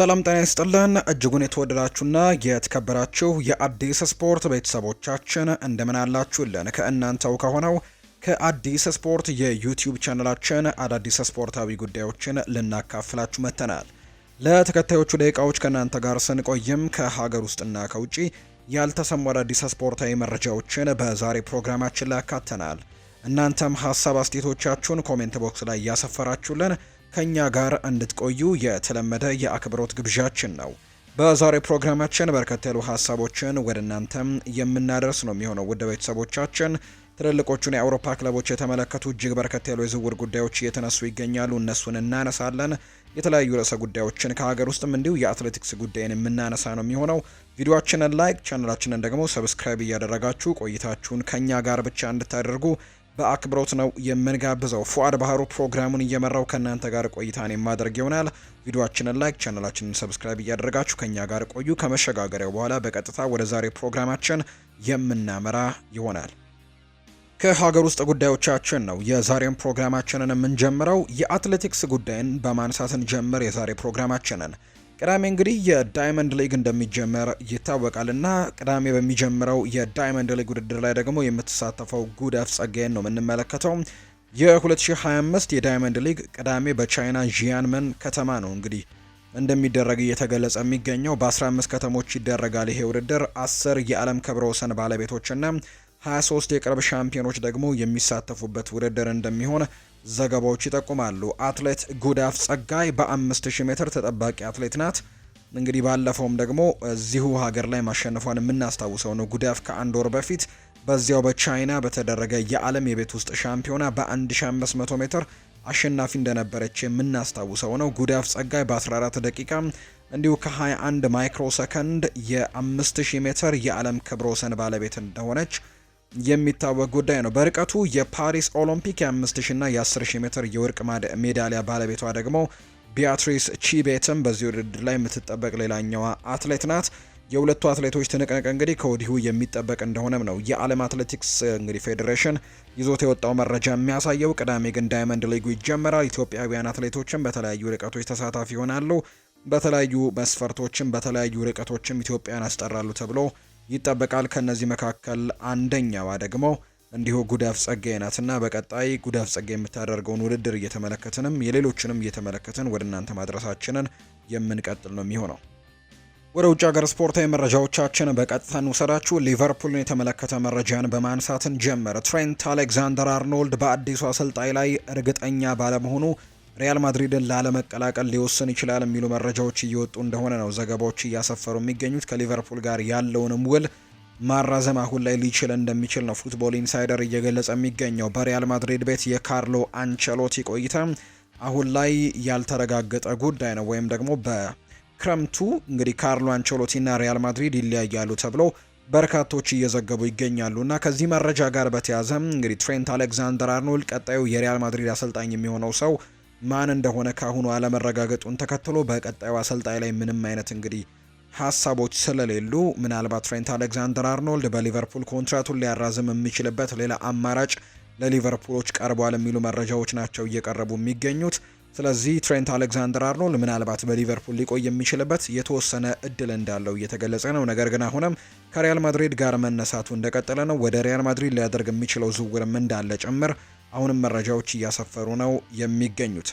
ሰላም ጤና ይስጥልን እጅጉን የተወደዳችሁና የተከበራችሁ የአዲስ ስፖርት ቤተሰቦቻችን እንደምን አላችሁልን? ከእናንተው ከሆነው ከአዲስ ስፖርት የዩቲዩብ ቻነላችን አዳዲስ ስፖርታዊ ጉዳዮችን ልናካፍላችሁ መጥተናል። ለተከታዮቹ ደቂቃዎች ከእናንተ ጋር ስንቆይም ከሀገር ውስጥና ከውጪ ያልተሰሙ አዳዲስ ስፖርታዊ መረጃዎችን በዛሬ ፕሮግራማችን ላይ ያካተናል። እናንተም ሀሳብ አስቴቶቻችሁን ኮሜንት ቦክስ ላይ እያሰፈራችሁልን ከእኛ ጋር እንድትቆዩ የተለመደ የአክብሮት ግብዣችን ነው። በዛሬው ፕሮግራማችን በርከት ያሉ ሀሳቦችን ወደ እናንተም የምናደርስ ነው የሚሆነው ውድ ቤተሰቦቻችን። ትልልቆቹን የአውሮፓ ክለቦች የተመለከቱ እጅግ በርከት ያሉ የዝውውር ጉዳዮች እየተነሱ ይገኛሉ። እነሱን እናነሳለን። የተለያዩ ርዕሰ ጉዳዮችን ከሀገር ውስጥም እንዲሁ የአትሌቲክስ ጉዳይን የምናነሳ ነው የሚሆነው። ቪዲዮችንን ላይክ፣ ቻናላችንን ደግሞ ሰብስክራይብ እያደረጋችሁ ቆይታችሁን ከእኛ ጋር ብቻ እንድታደርጉ በአክብሮት ነው የምንጋብዘው። ፉአድ ባህሩ ፕሮግራሙን እየመራው ከእናንተ ጋር ቆይታን የማደርግ ይሆናል። ቪዲዮችንን ላይክ፣ ቻናላችንን ሰብስክራይብ እያደረጋችሁ ከእኛ ጋር ቆዩ። ከመሸጋገሪያው በኋላ በቀጥታ ወደ ዛሬ ፕሮግራማችን የምናመራ ይሆናል። ከሀገር ውስጥ ጉዳዮቻችን ነው የዛሬን ፕሮግራማችንን የምንጀምረው። የአትሌቲክስ ጉዳይን በማንሳትን ጀምር የዛሬ ፕሮግራማችንን ቅዳሜ እንግዲህ የዳይመንድ ሊግ እንደሚጀመር ይታወቃል እና ቅዳሜ በሚጀምረው የዳይመንድ ሊግ ውድድር ላይ ደግሞ የምትሳተፈው ጉዳፍ ጸጋዬን ነው የምንመለከተው። የ2025 የዳይመንድ ሊግ ቅዳሜ በቻይና ዢያንመን ከተማ ነው እንግዲህ እንደሚደረግ እየተገለጸ የሚገኘው በ15 ከተሞች ይደረጋል። ይሄ ውድድር 10 የዓለም ክብረ ወሰን ባለቤቶችና 23 የቅርብ ሻምፒዮኖች ደግሞ የሚሳተፉበት ውድድር እንደሚሆን ዘገባዎች ይጠቁማሉ። አትሌት ጉዳፍ ጸጋይ በ5000 ሜትር ተጠባቂ አትሌት ናት። እንግዲህ ባለፈውም ደግሞ እዚሁ ሀገር ላይ ማሸነፏን የምናስታውሰው ነው። ጉዳፍ ከአንድ ወር በፊት በዚያው በቻይና በተደረገ የዓለም የቤት ውስጥ ሻምፒዮና በ1500 ሜትር አሸናፊ እንደነበረች የምናስታውሰው ነው። ጉዳፍ ጸጋይ በ14 ደቂቃ እንዲሁ ከ21 ማይክሮ ሰከንድ የ5000 ሜትር የዓለም ክብረ ወሰን ባለቤት እንደሆነች የሚታወቅ ጉዳይ ነው። በርቀቱ የፓሪስ ኦሎምፒክ የ5000 እና የ10000 ሜትር የወርቅ ሜዳሊያ ባለቤቷ ደግሞ ቢያትሪስ ቺቤትም በዚህ ውድድር ላይ የምትጠበቅ ሌላኛዋ አትሌት ናት። የሁለቱ አትሌቶች ትንቅንቅ እንግዲህ ከወዲሁ የሚጠበቅ እንደሆነም ነው የዓለም አትሌቲክስ እንግዲህ ፌዴሬሽን ይዞት የወጣው መረጃ የሚያሳየው። ቅዳሜ ግን ዳይመንድ ሊጉ ይጀመራል። ኢትዮጵያውያን አትሌቶችም በተለያዩ ርቀቶች ተሳታፊ ይሆናሉ። በተለያዩ መስፈርቶችም በተለያዩ ርቀቶችም ኢትዮጵያን ያስጠራሉ ተብሎ ይጠበቃል። ከእነዚህ መካከል አንደኛዋ ደግሞ እንዲሁ ጉዳፍ ጸጋዬ ናትና በቀጣይ ጉዳፍ ጸጋይ የምታደርገውን ውድድር እየተመለከትንም የሌሎችንም እየተመለከትን ወደ እናንተ ማድረሳችንን የምንቀጥል ነው የሚሆነው። ወደ ውጭ ሀገር ስፖርታዊ መረጃዎቻችን በቀጥታ እንውሰዳችሁ። ሊቨርፑልን የተመለከተ መረጃን በማንሳትን ጀመር። ትሬንት አሌክዛንደር አርኖልድ በአዲሱ አሰልጣኝ ላይ እርግጠኛ ባለመሆኑ ሪያል ማድሪድን ላለመቀላቀል ሊወስን ይችላል የሚሉ መረጃዎች እየወጡ እንደሆነ ነው ዘገባዎች እያሰፈሩ የሚገኙት። ከሊቨርፑል ጋር ያለውንም ውል ማራዘም አሁን ላይ ሊችል እንደሚችል ነው ፉትቦል ኢንሳይደር እየገለጸ የሚገኘው። በሪያል ማድሪድ ቤት የካርሎ አንቸሎቲ ቆይታ አሁን ላይ ያልተረጋገጠ ጉዳይ ነው ወይም ደግሞ በክረምቱ እንግዲህ ካርሎ አንቸሎቲና ሪያል ማድሪድ ይለያያሉ ተብሎ በርካቶች እየዘገቡ ይገኛሉ እና ከዚህ መረጃ ጋር በተያያዘ እንግዲህ ትሬንት አሌክዛንደር አርኖልድ ቀጣዩ የሪያል ማድሪድ አሰልጣኝ የሚሆነው ሰው ማን እንደሆነ ካሁኑ አለመረጋገጡን ተከትሎ በቀጣዩ አሰልጣኝ ላይ ምንም አይነት እንግዲህ ሀሳቦች ስለሌሉ ምናልባት ትሬንት አሌክዛንደር አርኖልድ በሊቨርፑል ኮንትራቱን ሊያራዝም የሚችልበት ሌላ አማራጭ ለሊቨርፑሎች ቀርቧል የሚሉ መረጃዎች ናቸው እየቀረቡ የሚገኙት። ስለዚህ ትሬንት አሌክዛንደር አርኖልድ ምናልባት በሊቨርፑል ሊቆይ የሚችልበት የተወሰነ እድል እንዳለው እየተገለጸ ነው። ነገር ግን አሁንም ከሪያል ማድሪድ ጋር መነሳቱ እንደቀጠለ ነው። ወደ ሪያል ማድሪድ ሊያደርግ የሚችለው ዝውውርም እንዳለ ጭምር አሁንም መረጃዎች እያሰፈሩ ነው የሚገኙት።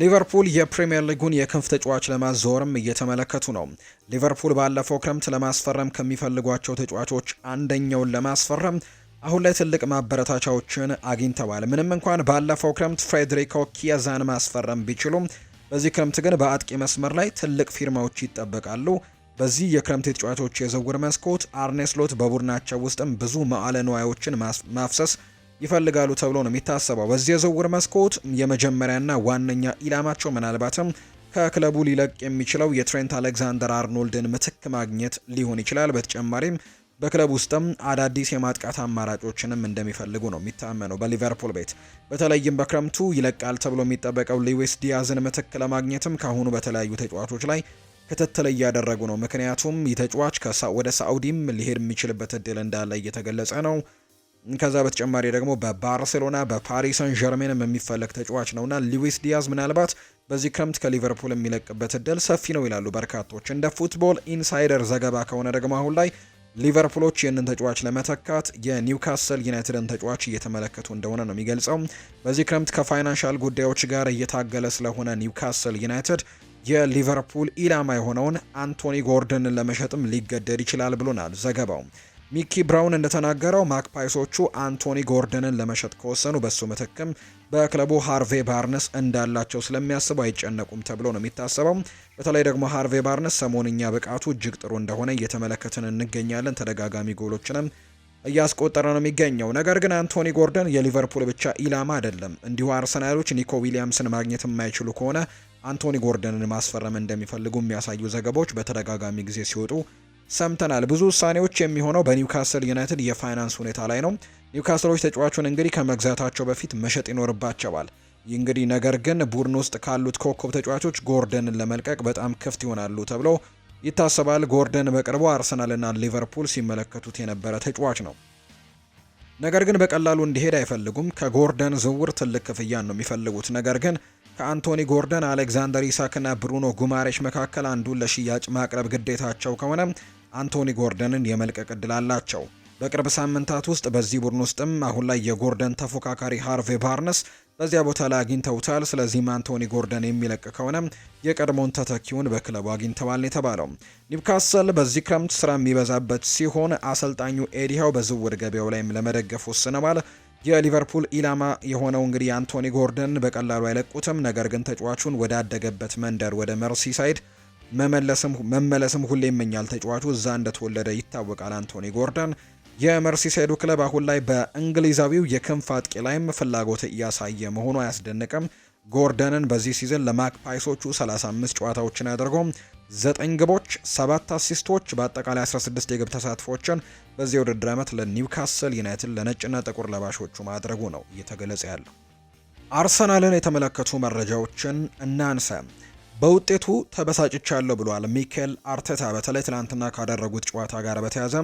ሊቨርፑል የፕሪምየር ሊጉን የክንፍ ተጫዋች ለማዘወርም እየተመለከቱ ነው። ሊቨርፑል ባለፈው ክረምት ለማስፈረም ከሚፈልጓቸው ተጫዋቾች አንደኛውን ለማስፈረም አሁን ላይ ትልቅ ማበረታቻዎችን አግኝተዋል። ምንም እንኳን ባለፈው ክረምት ፍሬድሪኮ ኪያዛን ማስፈረም ቢችሉም በዚህ ክረምት ግን በአጥቂ መስመር ላይ ትልቅ ፊርማዎች ይጠበቃሉ። በዚህ የክረምት የተጫዋቾች የዝውውር መስኮት አርኔስሎት በቡድናቸው ውስጥም ብዙ መዋዕለ ንዋዮችን ማፍሰስ ይፈልጋሉ ተብሎ ነው የሚታሰበው። በዚህ የዝውውር መስኮት የመጀመሪያና ዋነኛ ኢላማቸው ምናልባትም ከክለቡ ሊለቅ የሚችለው የትሬንት አሌክዛንደር አርኖልድን ምትክ ማግኘት ሊሆን ይችላል። በተጨማሪም በክለብ ውስጥም አዳዲስ የማጥቃት አማራጮችንም እንደሚፈልጉ ነው የሚታመነው። በሊቨርፑል ቤት በተለይም በክረምቱ ይለቃል ተብሎ የሚጠበቀው ሊዊስ ዲያዝን ምትክ ለማግኘትም ከአሁኑ በተለያዩ ተጫዋቾች ላይ ክትትል እያደረጉ ነው። ምክንያቱም ይህ ተጫዋች ወደ ሳዑዲም ሊሄድ የሚችልበት እድል እንዳለ እየተገለጸ ነው። ከዛ በተጨማሪ ደግሞ በባርሴሎና በፓሪሰን ሰን የሚፈለግ ተጫዋች ነውና ሉዊስ ዲያዝ ምናልባት በዚህ ክረምት ከሊቨርፑል የሚለቅበት እድል ሰፊ ነው ይላሉ በርካቶች። እንደ ፉትቦል ኢንሳይደር ዘገባ ከሆነ ደግሞ አሁን ላይ ሊቨርፑሎች ይህንን ተጫዋች ለመተካት የኒውካስል ዩናይትድን ተጫዋች እየተመለከቱ እንደሆነ ነው የሚገልጸው። በዚህ ክረምት ከፋይናንሻል ጉዳዮች ጋር እየታገለ ስለሆነ ኒውካስል ዩናይትድ የሊቨርፑል ኢላማ የሆነውን አንቶኒ ጎርደንን ለመሸጥም ሊገደድ ይችላል ብሎናል ዘገባው። ሚኪ ብራውን እንደተናገረው ማክፓይሶቹ አንቶኒ ጎርደንን ለመሸጥ ከወሰኑ በሱ ምትክም በክለቡ ሃርቬ ባርነስ እንዳላቸው ስለሚያስቡ አይጨነቁም ተብሎ ነው የሚታሰበው። በተለይ ደግሞ ሃርቬ ባርነስ ሰሞንኛ ብቃቱ እጅግ ጥሩ እንደሆነ እየተመለከትን እንገኛለን። ተደጋጋሚ ጎሎችንም እያስቆጠረ ነው የሚገኘው። ነገር ግን አንቶኒ ጎርደን የሊቨርፑል ብቻ ኢላማ አይደለም። እንዲሁ አርሰናሎች ኒኮ ዊሊያምስን ማግኘት የማይችሉ ከሆነ አንቶኒ ጎርደንን ማስፈረም እንደሚፈልጉ የሚያሳዩ ዘገባዎች በተደጋጋሚ ጊዜ ሲወጡ ሰምተናል። ብዙ ውሳኔዎች የሚሆነው በኒውካስል ዩናይትድ የፋይናንስ ሁኔታ ላይ ነው። ኒውካስሎች ተጫዋቹን እንግዲህ ከመግዛታቸው በፊት መሸጥ ይኖርባቸዋል። ይህ እንግዲህ ነገር ግን ቡድን ውስጥ ካሉት ኮከብ ተጫዋቾች ጎርደንን ለመልቀቅ በጣም ክፍት ይሆናሉ ተብሎ ይታሰባል። ጎርደን በቅርቡ አርሰናልና ሊቨርፑል ሲመለከቱት የነበረ ተጫዋች ነው። ነገር ግን በቀላሉ እንዲሄድ አይፈልጉም። ከጎርደን ዝውውር ትልቅ ክፍያን ነው የሚፈልጉት። ነገር ግን ከአንቶኒ ጎርደን፣ አሌክዛንደር ኢሳክና ብሩኖ ጉማሬሽ መካከል አንዱን ለሽያጭ ማቅረብ ግዴታቸው ከሆነ አንቶኒ ጎርደንን የመልቀቅ እድል አላቸው። በቅርብ ሳምንታት ውስጥ በዚህ ቡድን ውስጥም አሁን ላይ የጎርደን ተፎካካሪ ሃርቬ ባርነስ በዚያ ቦታ ላይ አግኝተውታል። ስለዚህም አንቶኒ ጎርደን የሚለቅ ከሆነ የቀድሞውን ተተኪውን በክለቡ አግኝተዋል የተባለው ኒውካስል በዚህ ክረምት ስራ የሚበዛበት ሲሆን አሰልጣኙ ኤዲሃው በዝውውር ገበያው ላይም ለመደገፍ ወስነዋል። የሊቨርፑል ኢላማ የሆነው እንግዲህ አንቶኒ ጎርደን በቀላሉ አይለቁትም። ነገር ግን ተጫዋቹን ወዳደገበት መንደር ወደ መርሲሳይድ መመለስም መመለስም ሁሌ ይመኛል። ተጫዋቹ እዛ እንደተወለደ ይታወቃል። አንቶኒ ጎርደን የመርሲሳይዱ ክለብ አሁን ላይ በእንግሊዛዊው የክንፍ አጥቂ ላይም ፍላጎት እያሳየ መሆኑ አያስደንቅም። ጎርደንን በዚህ ሲዝን ለማክፓይሶቹ 35 ጨዋታዎችን አድርጎ ዘጠኝ ግቦች፣ ሰባት አሲስቶች በአጠቃላይ 16 የግብ ተሳትፎችን በዚህ ውድድር ዓመት ለኒውካስል ዩናይትድ ለነጭና ጥቁር ለባሾቹ ማድረጉ ነው እየተገለጸ ያለው። አርሰናልን የተመለከቱ መረጃዎችን እናንሳ። በውጤቱ ተበሳጭቻለሁ ብሏል ሚኬል አርቴታ። በተለይ ትናንትና ካደረጉት ጨዋታ ጋር በተያያዘ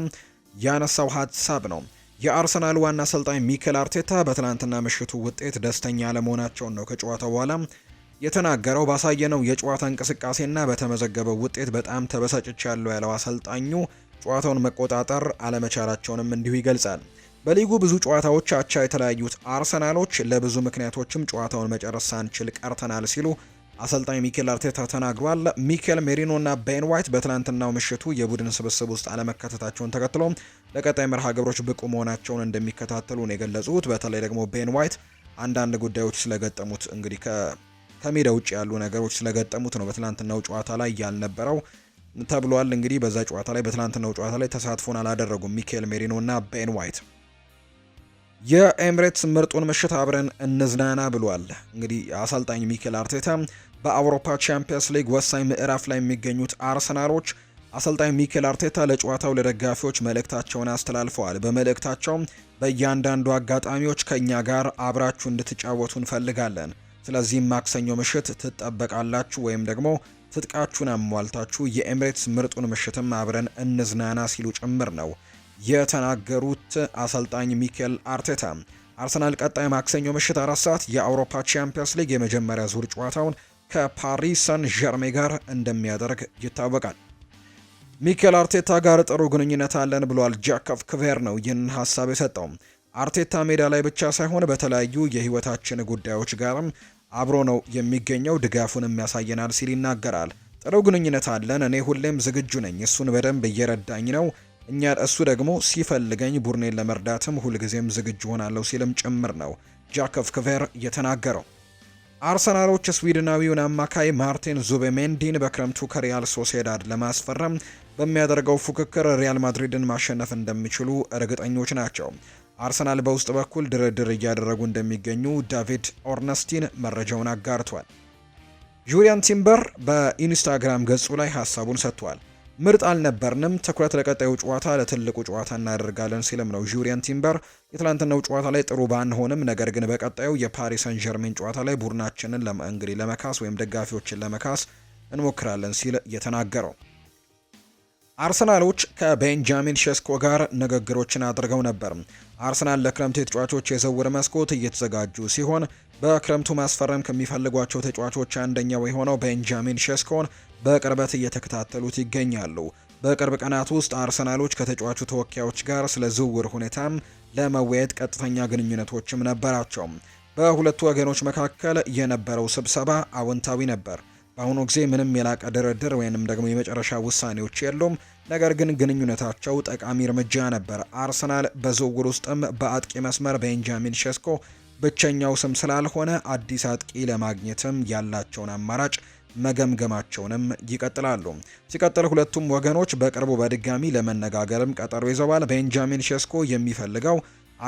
ያነሳው ሀሳብ ነው። የአርሰናል ዋና አሰልጣኝ ሚኬል አርቴታ በትናንትና ምሽቱ ውጤት ደስተኛ አለመሆናቸውን ነው ከጨዋታው በኋላ የተናገረው ባሳየነው የጨዋታ እንቅስቃሴና በተመዘገበው ውጤት በጣም ተበሳጭቻለሁ ያለው አሰልጣኙ ጨዋታውን መቆጣጠር አለመቻላቸውንም እንዲሁ ይገልጻል። በሊጉ ብዙ ጨዋታዎች አቻ የተለያዩት አርሰናሎች ለብዙ ምክንያቶችም ጨዋታውን መጨረስ ሳንችል ቀርተናል ሲሉ አሰልጣኝ ሚኬል አርቴታ ተናግሯል። ሚኬል ሜሪኖ እና ቤን ዋይት በትላንትናው ምሽቱ የቡድን ስብስብ ውስጥ አለመካተታቸውን ተከትሎ ለቀጣይ መርሃ ግብሮች ብቁ መሆናቸውን እንደሚከታተሉ ነው የገለጹት። በተለይ ደግሞ ቤን ዋይት አንዳንድ ጉዳዮች ስለገጠሙት እንግዲህ ከሜዳ ውጭ ያሉ ነገሮች ስለገጠሙት ነው በትላንትናው ጨዋታ ላይ ያልነበረው ተብሏል። እንግዲህ በዛ ጨዋታ ላይ በትላንትናው ጨዋታ ላይ ተሳትፎን አላደረጉም ሚካኤል ሜሪኖ እና ቤን ዋይት። የኤምሬትስ ምርጡን ምሽት አብረን እንዝናና ብሏል። እንግዲህ አሰልጣኝ ሚኬል አርቴታ በአውሮፓ ቻምፒየንስ ሊግ ወሳኝ ምዕራፍ ላይ የሚገኙት አርሰናሎች አሰልጣኝ ሚኬል አርቴታ ለጨዋታው ለደጋፊዎች መልእክታቸውን አስተላልፈዋል። በመልእክታቸውም በእያንዳንዱ አጋጣሚዎች ከእኛ ጋር አብራችሁ እንድትጫወቱ እንፈልጋለን። ስለዚህም ማክሰኞ ምሽት ትጠበቃላችሁ ወይም ደግሞ ትጥቃችሁን አሟልታችሁ የኤምሬትስ ምርጡን ምሽትም አብረን እንዝናና ሲሉ ጭምር ነው የተናገሩት አሰልጣኝ ሚኬል አርቴታ። አርሰናል ቀጣይ ማክሰኞ ምሽት አራት ሰዓት የአውሮፓ ቻምፒየንስ ሊግ የመጀመሪያ ዙር ጨዋታውን ከፓሪስ ሰን ዠርሜ ጋር እንደሚያደርግ ይታወቃል። ሚኬል አርቴታ ጋር ጥሩ ግንኙነት አለን ብሏል። ጃኮቭ ክቬር ነው ይህን ሀሳብ የሰጠው። አርቴታ ሜዳ ላይ ብቻ ሳይሆን በተለያዩ የህይወታችን ጉዳዮች ጋርም አብሮ ነው የሚገኘው፣ ድጋፉንም ያሳየናል ሲል ይናገራል። ጥሩ ግንኙነት አለን። እኔ ሁሌም ዝግጁ ነኝ። እሱን በደንብ እየረዳኝ ነው። እኛ እሱ ደግሞ ሲፈልገኝ ቡድኔን ለመርዳትም ሁልጊዜም ዝግጁ ሆናለሁ ሲልም ጭምር ነው ጃኮቭ ክቬር የተናገረው። አርሰናሎች ስዊድናዊውን አማካይ ማርቲን ዙቤሜንዲን በክረምቱ ከሪያል ሶሴዳድ ለማስፈረም በሚያደርገው ፉክክር ሪያል ማድሪድን ማሸነፍ እንደሚችሉ እርግጠኞች ናቸው። አርሰናል በውስጥ በኩል ድርድር እያደረጉ እንደሚገኙ ዳቪድ ኦርነስቲን መረጃውን አጋርቷል። ጁሊያን ቲምበር በኢንስታግራም ገጹ ላይ ሀሳቡን ሰጥቷል። ምርጥ አልነበርንም፣ ትኩረት ለቀጣዩ ጨዋታ ለትልቁ ጨዋታ እናደርጋለን ሲልም ነው ጁሪያን ቲምበር። የትላንትናው ጨዋታ ላይ ጥሩ ባንሆንም፣ ነገር ግን በቀጣዩ የፓሪስ ሰን ጀርሜን ጨዋታ ላይ ቡድናችንን እንግዲህ ለመካስ ወይም ደጋፊዎችን ለመካስ እንሞክራለን ሲል የተናገረው አርሰናሎች ከቤንጃሚን ሸስኮ ጋር ንግግሮችን አድርገው ነበር። አርሰናል ለክረምት የተጫዋቾች የዝውውር መስኮት እየተዘጋጁ ሲሆን በክረምቱ ማስፈረም ከሚፈልጓቸው ተጫዋቾች አንደኛው የሆነው ቤንጃሚን ሸስኮን በቅርበት እየተከታተሉት ይገኛሉ። በቅርብ ቀናት ውስጥ አርሰናሎች ከተጫዋቹ ተወካዮች ጋር ስለ ዝውውር ሁኔታም ለመወያየት ቀጥተኛ ግንኙነቶችም ነበራቸው። በሁለቱ ወገኖች መካከል የነበረው ስብሰባ አዎንታዊ ነበር። በአሁኑ ጊዜ ምንም የላቀ ድርድር ወይንም ደግሞ የመጨረሻ ውሳኔዎች የሉም። ነገር ግን ግንኙነታቸው ጠቃሚ እርምጃ ነበር። አርሰናል በዝውውር ውስጥም በአጥቂ መስመር ቤንጃሚን ሸስኮ ብቸኛው ስም ስላልሆነ አዲስ አጥቂ ለማግኘትም ያላቸውን አማራጭ መገምገማቸውንም ይቀጥላሉ። ሲቀጥል ሁለቱም ወገኖች በቅርቡ በድጋሚ ለመነጋገርም ቀጠሮ ይዘዋል። ቤንጃሚን ሸስኮ የሚፈልገው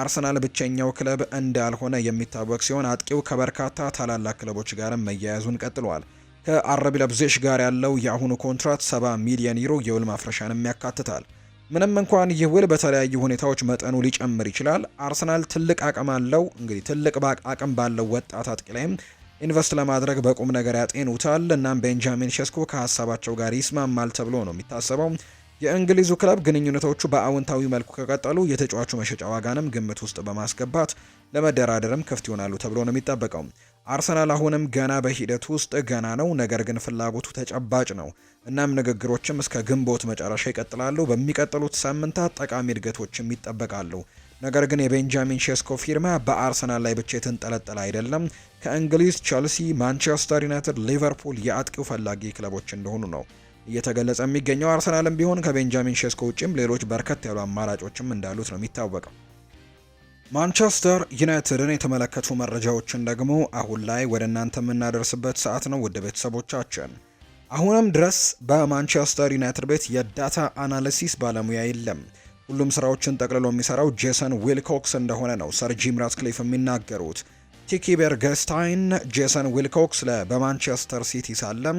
አርሰናል ብቸኛው ክለብ እንዳልሆነ የሚታወቅ ሲሆን አጥቂው ከበርካታ ታላላቅ ክለቦች ጋርም መያያዙን ቀጥሏል። ከአረብ ለብዜሽ ጋር ያለው የአሁኑ ኮንትራት 70 ሚሊዮን ዩሮ የውል ማፍረሻንም ያካትታል። ምንም እንኳን ይህ ውል በተለያዩ ሁኔታዎች መጠኑ ሊጨምር ይችላል፣ አርሰናል ትልቅ አቅም አለው። እንግዲህ ትልቅ አቅም ባለው ወጣት አጥቂ ላይም ኢንቨስት ለማድረግ በቁም ነገር ያጤኑታል። እናም ቤንጃሚን ሸስኮ ከሀሳባቸው ጋር ይስማማል ተብሎ ነው የሚታሰበው። የእንግሊዙ ክለብ ግንኙነቶቹ በአዎንታዊ መልኩ ከቀጠሉ የተጫዋቹ መሸጫ ዋጋንም ግምት ውስጥ በማስገባት ለመደራደርም ክፍት ይሆናሉ ተብሎ ነው የሚጠበቀው። አርሰናል አሁንም ገና በሂደት ውስጥ ገና ነው፣ ነገር ግን ፍላጎቱ ተጨባጭ ነው። እናም ንግግሮችም እስከ ግንቦት መጨረሻ ይቀጥላሉ። በሚቀጥሉት ሳምንታት ጠቃሚ እድገቶችም ይጠበቃሉ። ነገር ግን የቤንጃሚን ሼስኮ ፊርማ በአርሰናል ላይ ብቻ የተንጠለጠለ አይደለም። ከእንግሊዝ ቸልሲ፣ ማንቸስተር ዩናይትድ፣ ሊቨርፑል የአጥቂው ፈላጊ ክለቦች እንደሆኑ ነው እየተገለጸ የሚገኘው። አርሰናልም ቢሆን ከቤንጃሚን ሼስኮ ውጭም ሌሎች በርከት ያሉ አማራጮችም እንዳሉት ነው የሚታወቀው። ማንቸስተር ዩናይትድን የተመለከቱ መረጃዎችን ደግሞ አሁን ላይ ወደ እናንተ የምናደርስበት ሰዓት ነው። ውድ ቤተሰቦቻችን አሁንም ድረስ በማንቸስተር ዩናይትድ ቤት የዳታ አናሊሲስ ባለሙያ የለም። ሁሉም ስራዎችን ጠቅልሎ የሚሰራው ጄሰን ዊልኮክስ እንደሆነ ነው ሰር ጂም ራትክሊፍ የሚናገሩት። ቲኪ ቤርገስታይን ጄሰን ዊልኮክስ በማንቸስተር ሲቲ ሳለም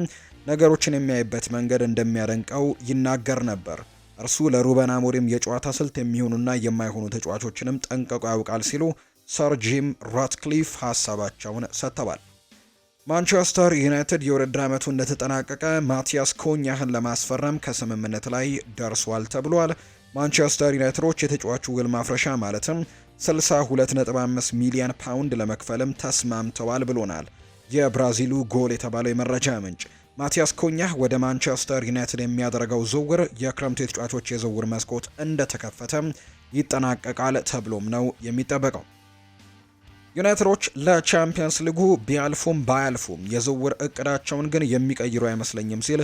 ነገሮችን የሚያይበት መንገድ እንደሚያደንቀው ይናገር ነበር። እርሱ ለሩበን አሞሪም የጨዋታ ስልት የሚሆኑና የማይሆኑ ተጫዋቾችንም ጠንቀቆ ያውቃል ሲሉ ሰር ጂም ራትክሊፍ ሀሳባቸውን ሰጥተዋል። ማንቸስተር ዩናይትድ የውድድር ዓመቱ እንደተጠናቀቀ ማቲያስ ኮኛህን ለማስፈረም ከስምምነት ላይ ደርሷል ተብሏል። ማንቸስተር ዩናይትዶች የተጫዋቹ ውል ማፍረሻ ማለትም 62.5 ሚሊዮን ፓውንድ ለመክፈልም ተስማምተዋል ብሎናል የብራዚሉ ጎል የተባለው የመረጃ ምንጭ። ማቲያስ ኩኛህ ወደ ማንቸስተር ዩናይትድ የሚያደርገው ዝውውር የክረምቱ የተጫዋቾች የዝውውር መስኮት እንደተከፈተ ይጠናቀቃል ተብሎም ነው የሚጠበቀው። ዩናይትዶች ለቻምፒየንስ ሊጉ ቢያልፉም ባያልፉም የዝውውር እቅዳቸውን ግን የሚቀይሩ አይመስለኝም ሲል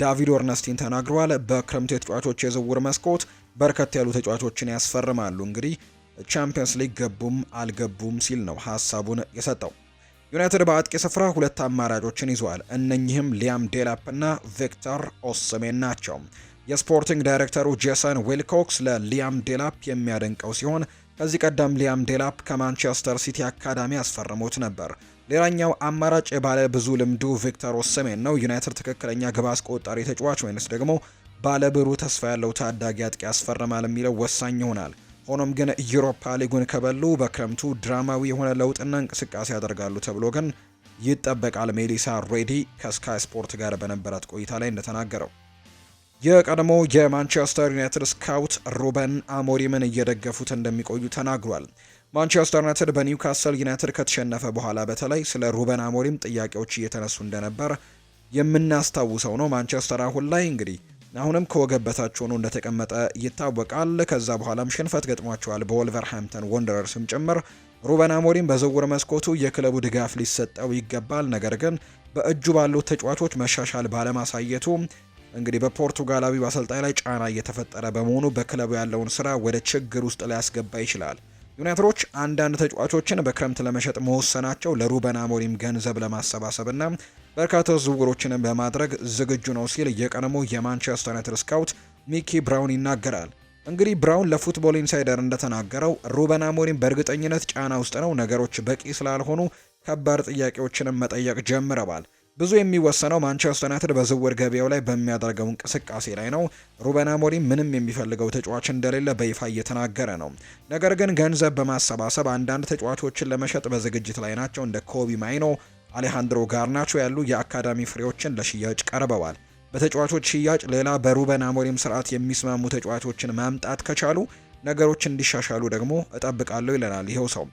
ዳቪድ ኦርነስቲን ተናግሯል በክረምቱ የተጫዋቾች የዝውውር መስኮት በርከት ያሉ ተጫዋቾችን ያስፈርማሉ። እንግዲህ ቻምፒየንስ ሊግ ገቡም አልገቡም ሲል ነው ሀሳቡን የሰጠው። ዩናይትድ በአጥቂ ስፍራ ሁለት አማራጮችን ይዟል። እነኚህም ሊያም ዴላፕ እና ቪክተር ኦስሜን ናቸው። የስፖርቲንግ ዳይሬክተሩ ጄሰን ዊልኮክስ ለሊያም ዴላፕ የሚያደንቀው ሲሆን ከዚህ ቀደም ሊያም ዴላፕ ከማንቸስተር ሲቲ አካዳሚ ያስፈረሙት ነበር። ሌላኛው አማራጭ የባለ ብዙ ልምዱ ቪክተር ኦስሜን ነው። ዩናይትድ ትክክለኛ ግብ አስቆጣሪ ተጫዋች ወይንስ ደግሞ ባለ ተስፋ ያለው ታዳጊ አጥቂ ያስፈርማል የሚለው ወሳኝ ይሆናል። ሆኖም ግን ዩሮፓ ሊጉን ከበሉ በክረምቱ ድራማዊ የሆነ ለውጥና እንቅስቃሴ ያደርጋሉ ተብሎ ግን ይጠበቃል። ሜሊሳ ሬዲ ከስካይ ስፖርት ጋር በነበራት ቆይታ ላይ እንደተናገረው የቀድሞ የማንቸስተር ዩናይትድ ስካውት ሩበን አሞሪምን እየደገፉት እንደሚቆዩ ተናግሯል። ማንቸስተር ዩናይትድ በኒውካስል ዩናይትድ ከተሸነፈ በኋላ በተለይ ስለ ሩበን አሞሪም ጥያቄዎች እየተነሱ እንደነበር የምናስታውሰው ነው። ማንቸስተር አሁን ላይ እንግዲህ አሁንም ከወገብ በታች ሆኖ እንደተቀመጠ ይታወቃል። ከዛ በኋላም ሽንፈት ገጥሟቸዋል በወልቨርሃምፕተን ወንደረርስም ጭምር። ሩበን አሞሪም በዝውውር መስኮቱ የክለቡ ድጋፍ ሊሰጠው ይገባል፣ ነገር ግን በእጁ ባሉት ተጫዋቾች መሻሻል ባለማሳየቱ እንግዲህ በፖርቱጋላዊ አሰልጣኝ ላይ ጫና እየተፈጠረ በመሆኑ በክለቡ ያለውን ስራ ወደ ችግር ውስጥ ሊያስገባ ይችላል። ዩናይትዶች አንዳንድ ተጫዋቾችን በክረምት ለመሸጥ መወሰናቸው ለሩበን አሞሪም ገንዘብ ለማሰባሰብና በርካታ ዝውውሮችን በማድረግ ዝግጁ ነው ሲል የቀድሞ የማንቸስተር ዩናይትድ ስካውት ሚኪ ብራውን ይናገራል። እንግዲህ ብራውን ለፉትቦል ኢንሳይደር እንደተናገረው ሩበን አሞሪም በእርግጠኝነት ጫና ውስጥ ነው። ነገሮች በቂ ስላልሆኑ ከባድ ጥያቄዎችንም መጠየቅ ጀምረዋል። ብዙ የሚወሰነው ማንቸስተር ዩናይትድ በዝውውር ገበያው ላይ በሚያደርገው እንቅስቃሴ ላይ ነው። ሩበን አሞሪም ምንም የሚፈልገው ተጫዋች እንደሌለ በይፋ እየተናገረ ነው። ነገር ግን ገንዘብ በማሰባሰብ አንዳንድ ተጫዋቾችን ለመሸጥ በዝግጅት ላይ ናቸው። እንደ ኮቢ ማይኖ፣ አሌሃንድሮ ጋርናቾ ያሉ የአካዳሚ ፍሬዎችን ለሽያጭ ቀርበዋል። በተጫዋቾች ሽያጭ ሌላ በሩበን አሞሪም ስርዓት የሚስማሙ ተጫዋቾችን ማምጣት ከቻሉ ነገሮች እንዲሻሻሉ ደግሞ እጠብቃለሁ ይለናል ይኸው ሰው።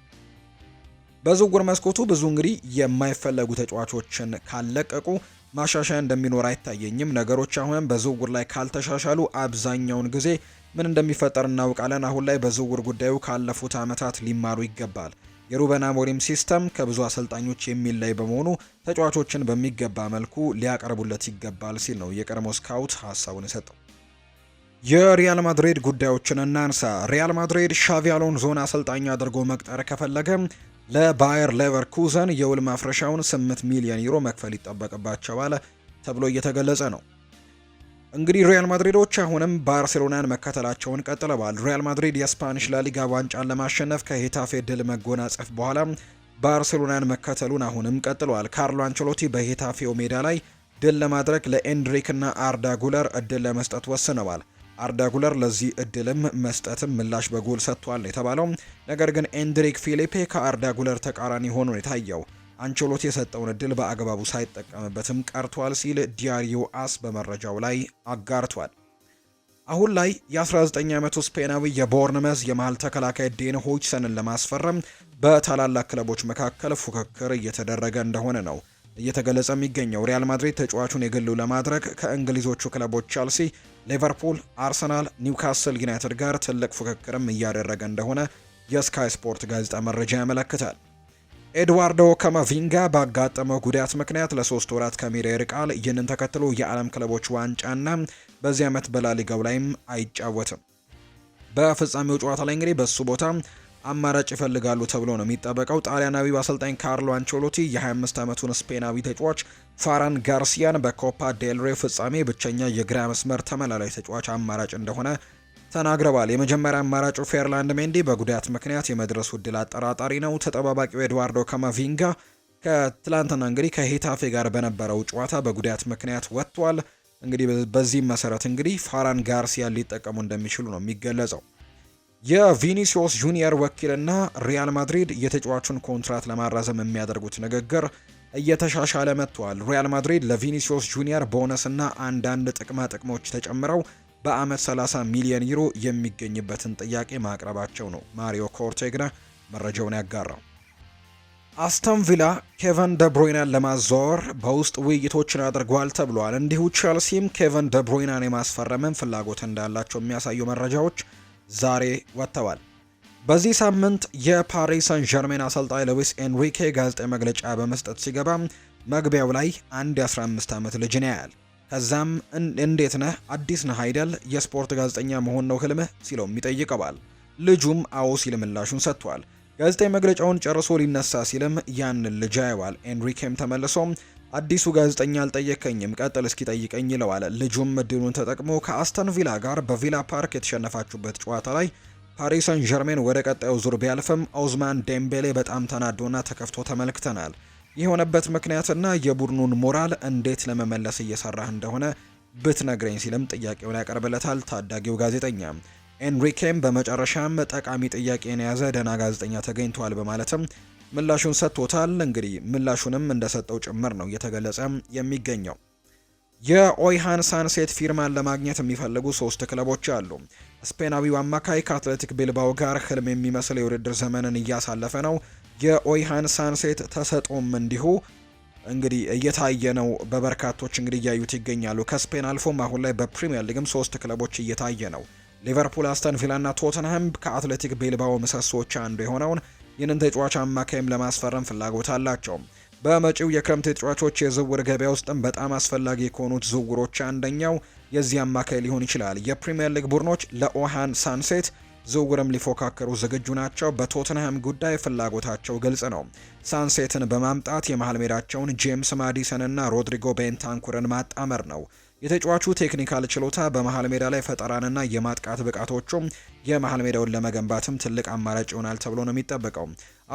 በዝውውር መስኮቱ ብዙ እንግዲህ የማይፈለጉ ተጫዋቾችን ካለቀቁ ማሻሻያ እንደሚኖር አይታየኝም። ነገሮች አሁንም በዝውውር ላይ ካልተሻሻሉ አብዛኛውን ጊዜ ምን እንደሚፈጠር እናውቃለን። አሁን ላይ በዝውውር ጉዳዩ ካለፉት ዓመታት ሊማሩ ይገባል። የሩበን አሞሪም ሲስተም ከብዙ አሰልጣኞች የሚለይ በመሆኑ ተጫዋቾችን በሚገባ መልኩ ሊያቀርቡለት ይገባል ሲል ነው የቀድሞ ስካውት ሀሳቡን የሰጠው። የሪያል ማድሪድ ጉዳዮችን እናንሳ። ሪያል ማድሪድ ሻቪ አሎንሶን አሰልጣኝ አድርጎ መቅጠር ከፈለገ ለባየር ሌቨርኩዘን የውል ማፍረሻውን 8 ሚሊዮን ዩሮ መክፈል ይጠበቅባቸዋል ተብሎ እየተገለጸ ነው። እንግዲህ ሪያል ማድሪዶች አሁንም ባርሴሎናን መከተላቸውን ቀጥለዋል። ሪያል ማድሪድ የስፓኒሽ ላሊጋ ዋንጫን ለማሸነፍ ከሄታፌ ድል መጎናጸፍ በኋላ ባርሴሎናን መከተሉን አሁንም ቀጥለዋል። ካርሎ አንቸሎቲ በሄታፌው ሜዳ ላይ ድል ለማድረግ ለኤንድሪክ አርዳ ጉለር እድል ለመስጠት ወስነዋል። አርዳ ጉለር ለዚህ እድልም መስጠትም ምላሽ በጎል ሰጥቷል የተባለው ነገር ግን ኤንድሪክ ፊሊፔ ከአርዳ ጉለር ተቃራኒ ሆኖ የታየው አንቸሎቲ የሰጠውን እድል በአግባቡ ሳይጠቀምበትም ቀርቷል ሲል ዲያሪዮ አስ በመረጃው ላይ አጋርቷል። አሁን ላይ የ19 ዓመቱ ስፔናዊ የቦርንመዝ የመሃል ተከላካይ ዴን ሆችሰንን ለማስፈረም በታላላቅ ክለቦች መካከል ፉክክር እየተደረገ እንደሆነ ነው እየተገለጸ የሚገኘው ሪያል ማድሪድ ተጫዋቹን የግሉ ለማድረግ ከእንግሊዞቹ ክለቦች ቻልሲ፣ ሊቨርፑል፣ አርሰናል፣ ኒውካስል ዩናይትድ ጋር ትልቅ ፉክክርም እያደረገ እንደሆነ የስካይ ስፖርት ጋዜጣ መረጃ ያመለክታል። ኤድዋርዶ ከማቪንጋ ባጋጠመው ጉዳት ምክንያት ለሶስት ወራት ከሜዳ ይርቃል። ይህንን ተከትሎ የዓለም ክለቦች ዋንጫና በዚህ ዓመት በላሊጋው ላይም አይጫወትም። በፍጻሜው ጨዋታ ላይ እንግዲህ በሱ ቦታ አማራጭ ይፈልጋሉ ተብሎ ነው የሚጠበቀው። ጣሊያናዊ አሰልጣኝ ካርሎ አንቸሎቲ የ25 ዓመቱን ስፔናዊ ተጫዋች ፋራን ጋርሲያን በኮፓ ዴልሬ ፍጻሜ ብቸኛ የግራ መስመር ተመላላይ ተጫዋች አማራጭ እንደሆነ ተናግረዋል። የመጀመሪያ አማራጩ ፌርላንድ ሜንዲ በጉዳት ምክንያት የመድረሱ እድል አጠራጣሪ ነው። ተጠባባቂው ኤድዋርዶ ካማቪንጋ ከትላንትና እንግዲህ ከሄታፌ ጋር በነበረው ጨዋታ በጉዳት ምክንያት ወጥቷል። እንግዲህ በዚህም መሰረት እንግዲህ ፋራን ጋርሲያን ሊጠቀሙ እንደሚችሉ ነው የሚገለጸው። የቪኒሲዮስ ጁኒየር ወኪልና ሪያል ማድሪድ የተጫዋቹን ኮንትራት ለማራዘም የሚያደርጉት ንግግር እየተሻሻለ መጥቷል። ሪያል ማድሪድ ለቪኒሲዮስ ጁኒየር ቦነስና አንዳንድ ጥቅማ ጥቅሞች ተጨምረው በአመት 30 ሚሊዮን ዩሮ የሚገኝበትን ጥያቄ ማቅረባቸው ነው። ማሪዮ ኮርቴግና መረጃውን ያጋራው። አስተን ቪላ ኬቨን ደብሮይናን ለማዘዋወር በውስጥ ውይይቶችን አድርጓል ተብሏል። እንዲሁ ቼልሲም ኬቨን ደብሮይናን የማስፈረምን ፍላጎት እንዳላቸው የሚያሳዩ መረጃዎች ዛሬ ወጥተዋል። በዚህ ሳምንት የፓሪስ ሰን ዠርሜን አሰልጣኝ ሉዊስ ኤንሪኬ ጋዜጣዊ መግለጫ በመስጠት ሲገባ መግቢያው ላይ አንድ የ15 ዓመት ልጅን ያያል። ከዛም እንዴት ነህ አዲስ ነህ አይደል? የስፖርት ጋዜጠኛ መሆን ነው ህልምህ ሲለውም ይጠይቀዋል። ልጁም አዎ ሲል ምላሹን ሰጥቷል። ጋዜጣዊ መግለጫውን ጨርሶ ሊነሳ ሲልም ያንን ልጅ አይዋል። ኤንሪኬም ተመልሶ አዲሱ ጋዜጠኛ አልጠየቀኝም፣ ቀጥል እስኪ ጠይቀኝ ይለዋል። ልጁም እድሉን ተጠቅሞ ከአስተን ቪላ ጋር በቪላ ፓርክ የተሸነፋችሁበት ጨዋታ ላይ ፓሪስ ሰን ዠርሜን ወደ ቀጣዩ ዙር ቢያልፍም ኦዝማን ዴምቤሌ በጣም ተናዶና ተከፍቶ ተመልክተናል። የሆነበት ምክንያትና የቡድኑን ሞራል እንዴት ለመመለስ እየሰራህ እንደሆነ ብትነግረኝ ሲልም ጥያቄውን ያቀርብለታል ታዳጊው ጋዜጠኛ። ኤንሪኬም በመጨረሻም ጠቃሚ ጥያቄን የያዘ ደህና ጋዜጠኛ ተገኝቷል በማለትም ምላሹን ሰጥቶታል። እንግዲህ ምላሹንም እንደሰጠው ጭምር ነው እየተገለጸ የሚገኘው። የኦይሃን ሳንሴት ፊርማን ለማግኘት የሚፈልጉ ሶስት ክለቦች አሉ። ስፔናዊው አማካይ ከአትሌቲክ ቢልባው ጋር ህልም የሚመስል የውድድር ዘመንን እያሳለፈ ነው። የኦይሃን ሳንሴት ተሰጥኦም እንዲሁ እንግዲህ እየታየ ነው። በበርካቶች እንግዲህ እያዩት ይገኛሉ። ከስፔን አልፎም አሁን ላይ በፕሪሚየር ሊግም ሶስት ክለቦች እየታየ ነው። ሊቨርፑል፣ አስተን ቪላ ቶተንሃም ከአትሌቲክ ቤልባኦ ምሰሶዎች አንዱ የሆነውን ይህንን ተጫዋች አማካይም ለማስፈረም ፍላጎት አላቸው። በመጪው የክረምት ተጫዋቾች የዝውውር ገበያ ውስጥም በጣም አስፈላጊ ከሆኑት ዝውውሮች አንደኛው የዚህ አማካይ ሊሆን ይችላል። የፕሪምየር ሊግ ቡድኖች ለኦሃን ሳንሴት ዝውውርም ሊፎካከሩ ዝግጁ ናቸው። በቶትንሃም ጉዳይ ፍላጎታቸው ግልጽ ነው። ሳንሴትን በማምጣት የመሀል ሜዳቸውን ጄምስ ማዲሰንና ሮድሪጎ ቤንታንኩርን ማጣመር ነው። የተጫዋቹ ቴክኒካል ችሎታ በመሀል ሜዳ ላይ ፈጠራንና የማጥቃት ብቃቶቹም የመሃል ሜዳውን ለመገንባትም ትልቅ አማራጭ ይሆናል ተብሎ ነው የሚጠበቀው።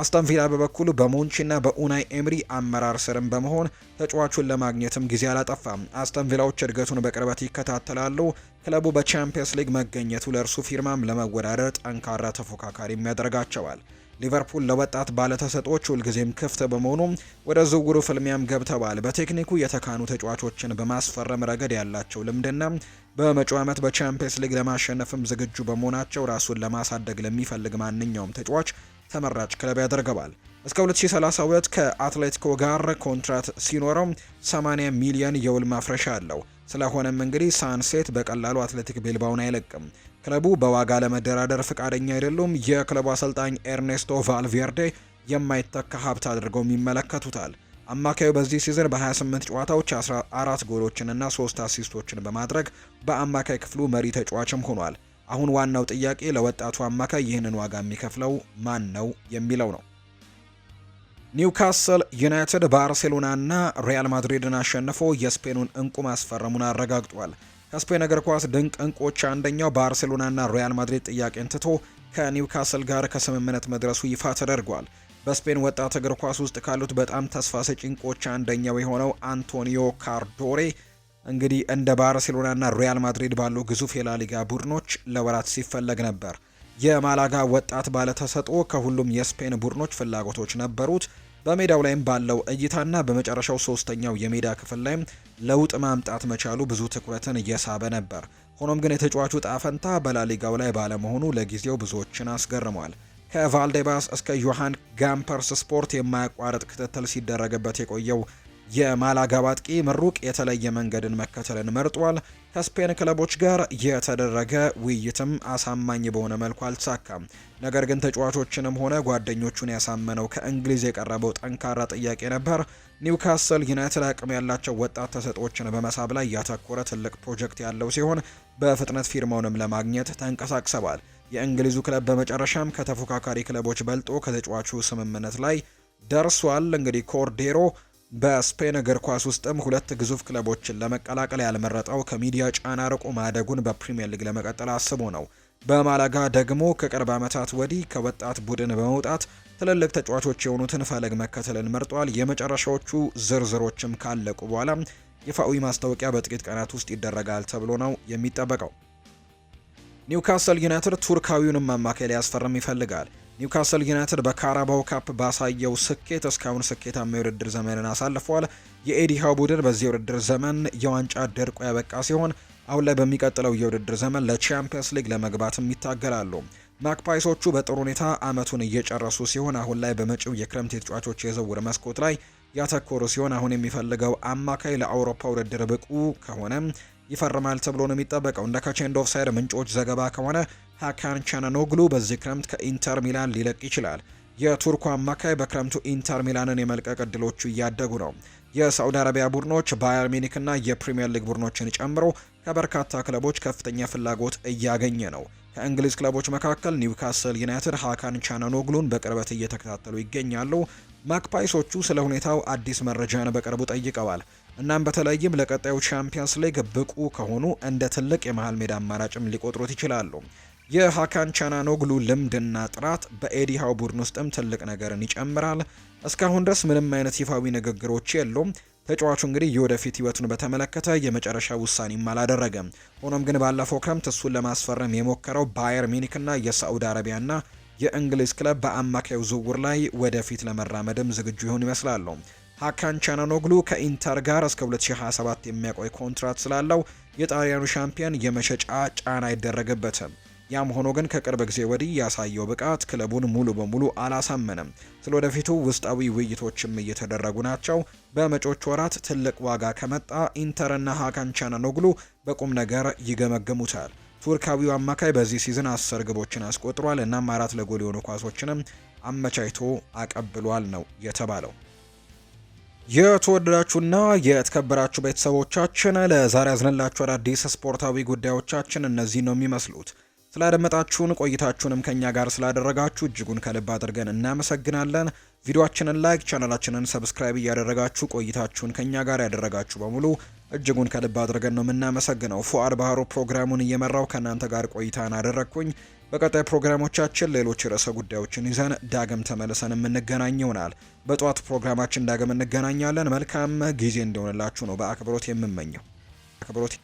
አስተን ቪላ በበኩሉ በሞንቺና በኡናይ ኤምሪ አመራር ስርም በመሆን ተጫዋቹን ለማግኘትም ጊዜ አላጠፋም። አስተን ቪላዎች እድገቱን በቅርበት ይከታተላሉ። ክለቡ በቻምፒየንስ ሊግ መገኘቱ ለእርሱ ፊርማም ለመወዳደር ጠንካራ ተፎካካሪም ያደርጋቸዋል። ሊቨርፑል ለወጣት ባለተሰጦች ሁልጊዜም ክፍት በመሆኑ ወደ ዝውውሩ ፍልሚያም ገብተዋል። በቴክኒኩ የተካኑ ተጫዋቾችን በማስፈረም ረገድ ያላቸው ልምድና በመጪው ዓመት በቻምፒየንስ ሊግ ለማሸነፍም ዝግጁ በመሆናቸው ራሱን ለማሳደግ ለሚፈልግ ማንኛውም ተጫዋች ተመራጭ ክለብ ያደርገዋል። እስከ 2032 ከአትሌቲኮ ጋር ኮንትራት ሲኖረው 80 ሚሊዮን የውል ማፍረሻ አለው። ስለሆነም እንግዲህ ሳንሴት በቀላሉ አትሌቲክ ቢልባውን አይለቅም። ክለቡ በዋጋ ለመደራደር ፈቃደኛ አይደሉም። የክለቡ አሰልጣኝ ኤርኔስቶ ቫልቬርዴ የማይተካ ሀብት አድርገውም ይመለከቱታል። አማካዩ በዚህ ሲዝን በ28 ጨዋታዎች 14 ጎሎችንና 3 አሲስቶችን በማድረግ በአማካይ ክፍሉ መሪ ተጫዋችም ሆኗል። አሁን ዋናው ጥያቄ ለወጣቱ አማካይ ይህንን ዋጋ የሚከፍለው ማን ነው የሚለው ነው። ኒውካስል ዩናይትድ ባርሴሎናና ሪያል ማድሪድን አሸንፎ የስፔኑን እንቁ ማስፈረሙን አረጋግጧል። ከስፔን እግር ኳስ ድንቅ እንቁዎች አንደኛው ባርሴሎናና ሪያል ማድሪድ ጥያቄን ትቶ ከኒውካስል ጋር ከስምምነት መድረሱ ይፋ ተደርጓል። በስፔን ወጣት እግር ኳስ ውስጥ ካሉት በጣም ተስፋ ሰጪ እንቁዎች አንደኛው የሆነው አንቶኒዮ ካርዶሬ እንግዲህ እንደ ባርሴሎናና ሪያል ማድሪድ ባሉ ግዙፍ የላሊጋ ቡድኖች ለወራት ሲፈለግ ነበር። የማላጋ ወጣት ባለተሰጥኦ ከሁሉም የስፔን ቡድኖች ፍላጎቶች ነበሩት። በሜዳው ላይም ባለው እይታና በመጨረሻው ሶስተኛው የሜዳ ክፍል ላይም ለውጥ ማምጣት መቻሉ ብዙ ትኩረትን እየሳበ ነበር። ሆኖም ግን የተጫዋቹ ጣፈንታ በላሊጋው ላይ ባለመሆኑ ለጊዜው ብዙዎችን አስገርሟል። ከቫልዴባስ እስከ ዮሃን ጋምፐርስ ስፖርት የማያቋርጥ ክትትል ሲደረግበት የቆየው የማላጋ አጥቂ ምሩቅ የተለየ መንገድን መከተልን መርጧል። ከስፔን ክለቦች ጋር የተደረገ ውይይትም አሳማኝ በሆነ መልኩ አልተሳካም። ነገር ግን ተጫዋቾችንም ሆነ ጓደኞቹን ያሳመነው ከእንግሊዝ የቀረበው ጠንካራ ጥያቄ ነበር። ኒውካስል ዩናይትድ አቅም ያላቸው ወጣት ተሰጦችን በመሳብ ላይ ያተኮረ ትልቅ ፕሮጀክት ያለው ሲሆን በፍጥነት ፊርማውንም ለማግኘት ተንቀሳቅሰዋል። የእንግሊዙ ክለብ በመጨረሻም ከተፎካካሪ ክለቦች በልጦ ከተጫዋቹ ስምምነት ላይ ደርሷል። እንግዲህ ኮርዴሮ በስፔን እግር ኳስ ውስጥም ሁለት ግዙፍ ክለቦችን ለመቀላቀል ያልመረጠው ከሚዲያ ጫና ርቆ ማደጉን በፕሪምየር ሊግ ለመቀጠል አስቦ ነው። በማላጋ ደግሞ ከቅርብ ዓመታት ወዲህ ከወጣት ቡድን በመውጣት ትልልቅ ተጫዋቾች የሆኑትን ፈለግ መከተልን መርጧል። የመጨረሻዎቹ ዝርዝሮችም ካለቁ በኋላ ይፋዊ ማስታወቂያ በጥቂት ቀናት ውስጥ ይደረጋል ተብሎ ነው የሚጠበቀው። ኒውካስል ዩናይትድ ቱርካዊውንም አማካይ ሊያስፈርም ይፈልጋል። ኒውካስል ዩናይትድ በካራባው ካፕ ባሳየው ስኬት እስካሁን ስኬታማ የውድድር ዘመንን አሳልፏል። የኤዲሃው ቡድን በዚህ የውድድር ዘመን የዋንጫ ደርቆ ያበቃ ሲሆን አሁን ላይ በሚቀጥለው የውድድር ዘመን ለቻምፒየንስ ሊግ ለመግባትም ይታገላሉ። ማክፓይሶቹ በጥሩ ሁኔታ አመቱን እየጨረሱ ሲሆን አሁን ላይ በመጪው የክረምት የተጫዋቾች የዝውውር መስኮት ላይ ያተኮሩ ሲሆን አሁን የሚፈልገው አማካይ ለአውሮፓ ውድድር ብቁ ከሆነ ይፈርማል ተብሎ ነው የሚጠበቀው። እንደ ካቼንዶ ኦፍሳይድ ምንጮች ዘገባ ከሆነ ሀካን ቻናኖግሉ በዚህ ክረምት ከኢንተር ሚላን ሊለቅ ይችላል። የቱርኩ አማካይ በክረምቱ ኢንተር ሚላንን የመልቀቅ እድሎቹ እያደጉ ነው። የሳዑዲ አረቢያ ቡድኖች ባየር ሚኒክና የፕሪምየር ሊግ ቡድኖችን ጨምሮ ከበርካታ ክለቦች ከፍተኛ ፍላጎት እያገኘ ነው። ከእንግሊዝ ክለቦች መካከል ኒውካስል ዩናይትድ ሀካን ቻናኖግሉን በቅርበት እየተከታተሉ ይገኛሉ። ማክፓይሶቹ ስለ ሁኔታው አዲስ መረጃን በቅርቡ ጠይቀዋል። እናም በተለይም ለቀጣዩ ቻምፒየንስ ሊግ ብቁ ከሆኑ እንደ ትልቅ የመሃል ሜዳ አማራጭም ሊቆጥሩት ይችላሉ። የሃካን ቻናኖግሉ ልምድና ጥራት ሃው ቡድን ውስጥም ትልቅ ነገርን ይጨምራል። እስካሁን ድረስ ምንም አይነት ይፋዊ ንግግሮች የሉም። ተጫዋቹ እንግዲህ የወደፊት ህይወቱን በተመለከተ የመጨረሻ ውሳኔም አላደረገም። ሆኖም ግን ባለፈው ክረምት እሱን ለማስፈረም የሞከረው ባየር ሚኒክና የሳዑዲ አረቢያና የእንግሊዝ ክለብ በአማካዩ ዝውውር ላይ ወደፊት ለመራመድም ዝግጁ ይሆን ይመስላሉ። ሀካን ቻናኖግሉ ከኢንተር ጋር እስከ 2027 የሚያቆይ ኮንትራት ስላለው የጣሊያኑ ሻምፒዮን የመሸጫ ጫና አይደረግበትም። ያም ሆኖ ግን ከቅርብ ጊዜ ወዲህ ያሳየው ብቃት ክለቡን ሙሉ በሙሉ አላሳመንም። ስለ ወደፊቱ ውስጣዊ ውይይቶችም እየተደረጉ ናቸው። በመጮች ወራት ትልቅ ዋጋ ከመጣ ኢንተርና ሀካን ቻናኖግሉ በቁም ነገር ይገመግሙታል። ቱርካዊው አማካይ በዚህ ሲዝን አስር ግቦችን አስቆጥሯል። እናም አራት ለጎል የሆኑ ኳሶችንም አመቻችቶ አቀብሏል ነው የተባለው። የተወደዳችሁና የተከበራችሁ ቤተሰቦቻችን ለዛሬ ያዝንላችሁ አዳዲስ ስፖርታዊ ጉዳዮቻችን እነዚህ ነው የሚመስሉት። ስላደመጣችሁን ቆይታችሁንም ከኛ ጋር ስላደረጋችሁ እጅጉን ከልብ አድርገን እናመሰግናለን። ቪዲዮችንን ላይክ፣ ቻናላችንን ሰብስክራይብ እያደረጋችሁ ቆይታችሁን ከኛ ጋር ያደረጋችሁ በሙሉ እጅጉን ከልብ አድርገን ነው የምናመሰግነው። ፉአድ ባህሩ ፕሮግራሙን እየመራው ከእናንተ ጋር ቆይታን አደረግኩኝ። በቀጣይ ፕሮግራሞቻችን ሌሎች ርዕሰ ጉዳዮችን ይዘን ዳግም ተመልሰን የምንገናኝ ይሆናል። በጠዋት ፕሮግራማችን ዳግም እንገናኛለን። መልካም ጊዜ እንደሆነላችሁ ነው በአክብሮት የምመኘው አክብሮት